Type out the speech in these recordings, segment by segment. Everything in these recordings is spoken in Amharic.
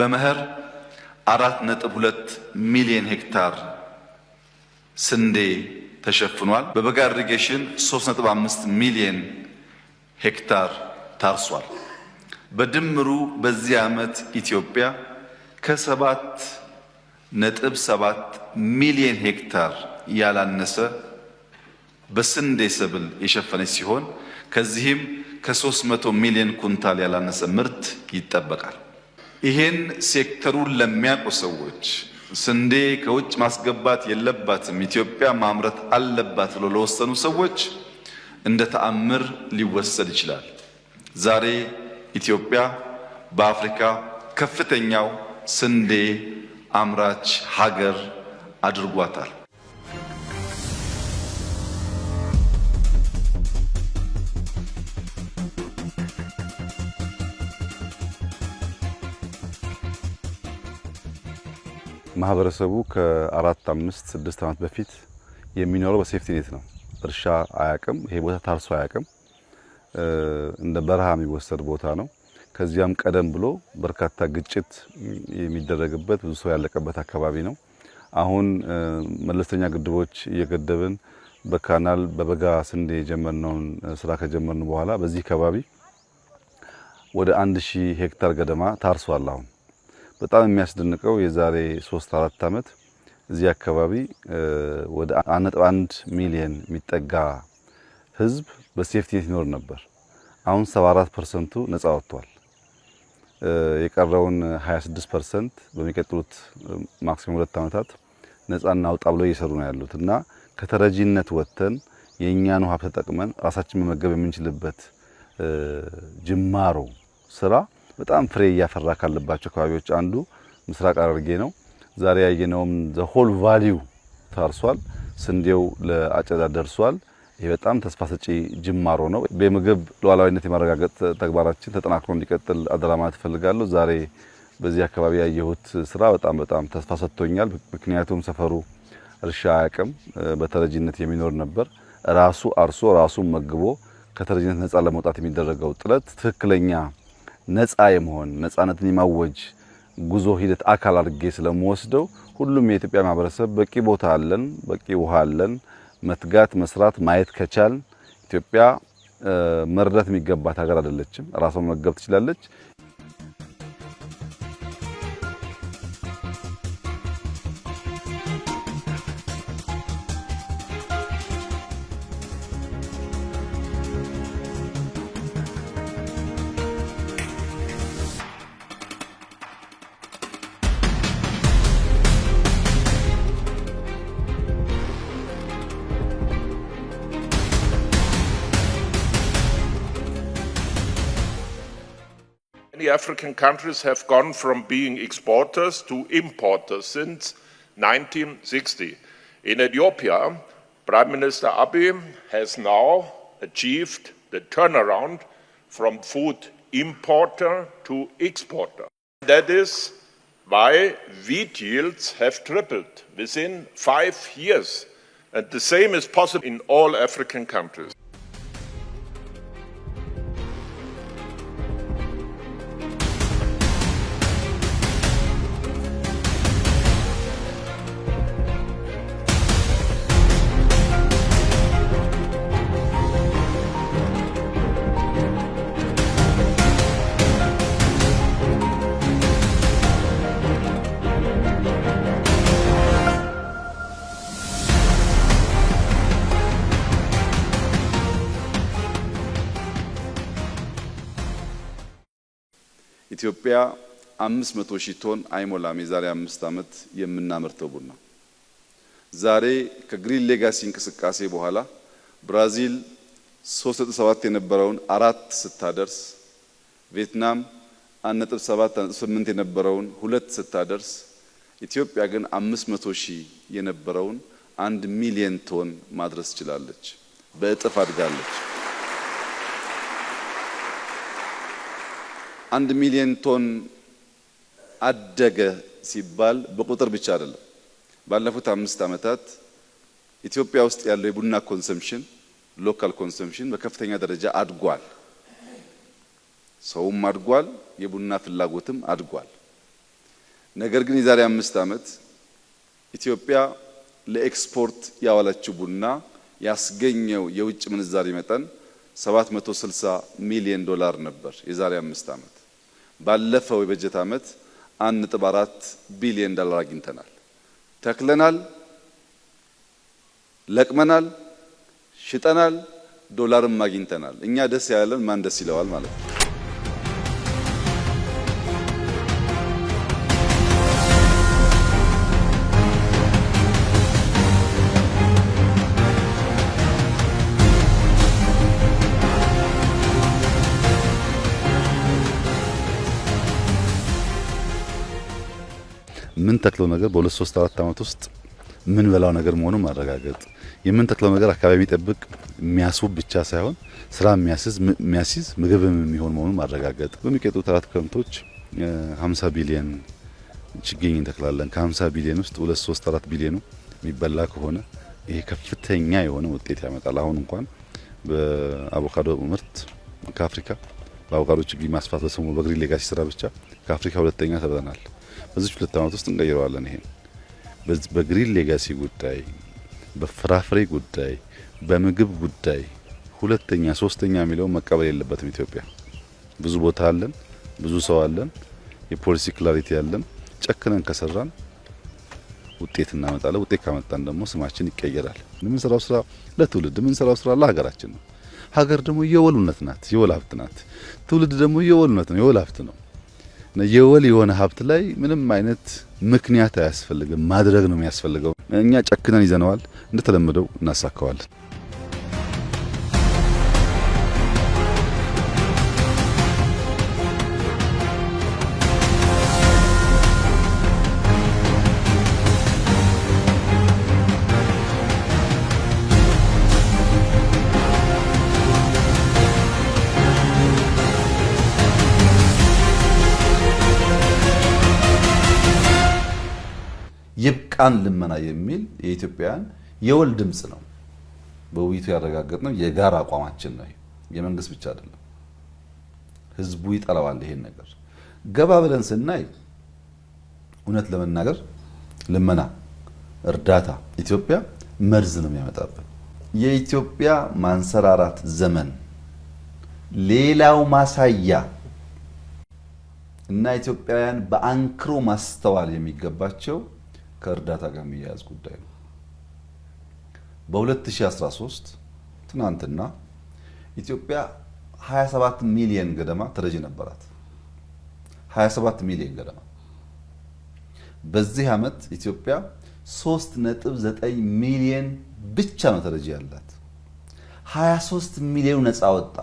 በመኸር አራት ነጥብ ሁለት ሚሊዮን ሄክታር ስንዴ ተሸፍኗል። በበጋ ኢሪጌሽን 3.5 ሚሊዮን ሄክታር ታርሷል። በድምሩ በዚህ ዓመት ኢትዮጵያ ከ7.7 ሚሊዮን ሄክታር ያላነሰ በስንዴ ሰብል የሸፈነች ሲሆን ከዚህም ከ300 ሚሊዮን ኩንታል ያላነሰ ምርት ይጠበቃል። ይሄን ሴክተሩን ለሚያውቁ ሰዎች ስንዴ ከውጭ ማስገባት የለባትም ኢትዮጵያ ማምረት አለባት ብሎ ለወሰኑ ሰዎች እንደ ተአምር ሊወሰድ ይችላል። ዛሬ ኢትዮጵያ በአፍሪካ ከፍተኛው ስንዴ አምራች ሀገር አድርጓታል። ማህበረሰቡ ከአራት አምስት ስድስት ዓመት በፊት የሚኖረው በሴፍቲ ኔት ነው። እርሻ አያቅም። ይሄ ቦታ ታርሶ አያቅም። እንደ በረሃ የሚወሰድ ቦታ ነው። ከዚያም ቀደም ብሎ በርካታ ግጭት የሚደረግበት ብዙ ሰው ያለቀበት አካባቢ ነው። አሁን መለስተኛ ግድቦች እየገደብን በካናል በበጋ ስንዴ የጀመርነውን ስራ ከጀመርን በኋላ በዚህ አካባቢ ወደ አንድ ሺህ ሄክታር ገደማ ታርሷል አሁን በጣም የሚያስደንቀው የዛሬ ሶስት አራት ዓመት እዚህ አካባቢ ወደ አንድ ነጥብ ሚሊየን የሚጠጋ ህዝብ በሴፍቲኔት ይኖር ነበር። አሁን 74 ፐርሰንቱ ነጻ ወጥቷል። የቀረውን 26 ፐርሰንት በሚቀጥሉት ማክሲመም ሁለት ዓመታት ነጻ ውጣ ብለው እየሰሩ ነው ያሉት እና ከተረጂነት ወጥተን የእኛን ሀብት ተጠቅመን ራሳችን መመገብ የምንችልበት ጅማሮ ስራ በጣም ፍሬ እያፈራ ካለባቸው አካባቢዎች አንዱ ምስራቅ ሐረርጌ ነው። ዛሬ ያየነውም ዘሆል ቫሊዩ ታርሷል። ስንዴው ለአጨዳ ደርሷል። ይህ በጣም ተስፋ ሰጪ ጅማሮ ነው። በምግብ ሉዓላዊነት የማረጋገጥ ተግባራችን ተጠናክሮ እንዲቀጥል አደራ ማለት እፈልጋለሁ። ዛሬ በዚህ አካባቢ ያየሁት ስራ በጣም በጣም ተስፋ ሰጥቶኛል። ምክንያቱም ሰፈሩ እርሻ አያቅም፣ በተረጂነት የሚኖር ነበር። ራሱ አርሶ ራሱን መግቦ ከተረጂነት ነጻ ለመውጣት የሚደረገው ጥረት ትክክለኛ ነፃ የመሆን ነፃነትን የማወጅ ጉዞ ሂደት አካል አድርጌ ስለምወስደው ሁሉም የኢትዮጵያ ማህበረሰብ በቂ ቦታ አለን፣ በቂ ውሃ አለን። መትጋት፣ መስራት፣ ማየት ከቻል ኢትዮጵያ መርዳት የሚገባት ሀገር አይደለችም። ራሷን መገብ ትችላለች። Many African countries have gone from being exporters to importers since 1960. In Ethiopia, Prime Minister Abiy has now achieved the turnaround from food importer to exporter. That is why wheat yields have tripled within five years. And the same is possible in all African countries. ኢትዮጵያ አምስት መቶ ሺህ ቶን አይሞላም የዛሬ አምስት ዓመት የምናመርተው ቡና ዛሬ ከግሪን ሌጋሲ እንቅስቃሴ በኋላ ብራዚል 3.7 የነበረውን አራት ስታደርስ ቪየትናም 1.78 የነበረውን ሁለት ስታደርስ ኢትዮጵያ ግን 500 ሺህ የነበረውን አንድ ሚሊየን ቶን ማድረስ ችላለች። በእጥፍ አድጋለች። አንድ ሚሊዮን ቶን አደገ ሲባል በቁጥር ብቻ አይደለም። ባለፉት አምስት ዓመታት ኢትዮጵያ ውስጥ ያለው የቡና ኮንሰምሽን ሎካል ኮንሰምሽን በከፍተኛ ደረጃ አድጓል። ሰውም አድጓል፣ የቡና ፍላጎትም አድጓል። ነገር ግን የዛሬ አምስት ዓመት ኢትዮጵያ ለኤክስፖርት ያዋለችው ቡና ያስገኘው የውጭ ምንዛሪ መጠን 760 ሚሊዮን ዶላር ነበር የዛሬ አምስት ዓመት ባለፈው የበጀት ዓመት አንድ ነጥብ አራት ቢሊዮን ዶላር አግኝተናል። ተክለናል፣ ለቅመናል፣ ሽጠናል፣ ዶላርም አግኝተናል። እኛ ደስ ያለን ማን ደስ ይለዋል ማለት ነው። የምንተክለው ነገር በሁለት ሶስት አራት ዓመት ውስጥ በላው ነገር መሆኑን ማረጋገጥ፣ የምንተክለው ነገር አካባቢ የሚጠብቅ የሚያስውብ ብቻ ሳይሆን ስራ የሚያስይዝ ምግብም የሚሆን መሆኑን ማረጋገጥ። በሚቀጥሉት አራት ክረምቶች 50 ቢሊየን ችግኝ እንተክላለን። ከ50 ቢሊየን ውስጥ ሁለት ሶስት አራት ቢሊየኑ የሚበላ ከሆነ ይሄ ከፍተኛ የሆነ ውጤት ያመጣል። አሁን እንኳን በአቮካዶ ምርት ከአፍሪካ በአቮካዶ ችግኝ ማስፋት በሰሞኑ በግሪን ሌጋሲ ስራ ብቻ ከአፍሪካ ሁለተኛ ተብለናል። በዚህ ሁለት ዓመት ውስጥ እንቀይረዋለን። ይሄን በግሪን ሌጋሲ ጉዳይ፣ በፍራፍሬ ጉዳይ፣ በምግብ ጉዳይ ሁለተኛ ሶስተኛ የሚለው መቀበል የለበትም ኢትዮጵያ። ብዙ ቦታ አለን፣ ብዙ ሰው አለን፣ የፖሊሲ ክላሪቲ አለን። ጨክነን ከሰራን ውጤት እናመጣለን። ውጤት ካመጣን ደግሞ ስማችን ይቀየራል። የምንሰራው ስራ ለትውልድ የምንሰራው ስራ ለሀገራችን ነው። ሀገር ደግሞ የወሉነት ናት፣ የወል ሀብት ናት። ትውልድ ደግሞ የወሉነት ነው፣ የወል ሀብት ነው። የወል የሆነ ሀብት ላይ ምንም አይነት ምክንያት አያስፈልግም። ማድረግ ነው የሚያስፈልገው። እኛ ጨክነን ይዘነዋል፣ እንደተለመደው እናሳካዋለን። ቃን ልመና የሚል የኢትዮጵያን የወል ድምፅ ነው። በውይይቱ ነው የጋራ አቋማችን ነው። የመንግስት ብቻ አይደለም። ህዝቡ ይጠላዋል ይሄን ነገር። ገባ ብለን ስናይ እውነት ለመናገር ልመና፣ እርዳታ ኢትዮጵያ መርዝ ነው የሚያመጣብን። የኢትዮጵያ ማንሰራራት ዘመን ሌላው ማሳያ እና ኢትዮጵያውያን በአንክሮ ማስተዋል የሚገባቸው ከእርዳታ ጋር የሚያያዝ ጉዳይ ነው። በ2013 ትናንትና ኢትዮጵያ 27 ሚሊየን ገደማ ተረጂ ነበራት። 27 ሚሊየን ገደማ። በዚህ ዓመት ኢትዮጵያ 3.9 ሚሊየን ብቻ ነው ተረጂ ያላት። 23 ሚሊዮን ነፃ ወጣ።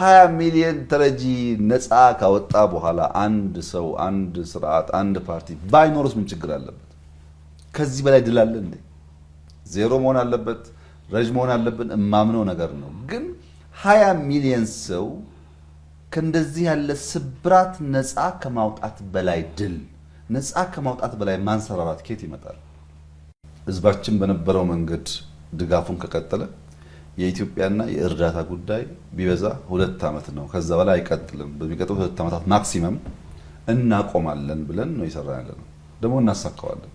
20 ሚሊዮን ተረጂ ነፃ ካወጣ በኋላ አንድ ሰው አንድ ስርዓት አንድ ፓርቲ ባይኖርስ ምን ችግር አለበት? ከዚህ በላይ ድል አለ እንዴ? ዜሮ መሆን አለበት፣ ረጅ መሆን አለብን። እማምነው ነገር ነው። ግን 20 ሚሊዮን ሰው ከእንደዚህ ያለ ስብራት ነፃ ከማውጣት በላይ ድል ነፃ ከማውጣት በላይ ማንሰራራት ኬት ይመጣል? ህዝባችን በነበረው መንገድ ድጋፉን ከቀጠለ የኢትዮጵያና የእርዳታ ጉዳይ ቢበዛ ሁለት ዓመት ነው፣ ከዛ በላይ አይቀጥልም። በሚቀጥሉ ሁለት ዓመታት ማክሲመም እናቆማለን ብለን ነው የሰራ ያለ ነው። ደግሞ እናሳካዋለን።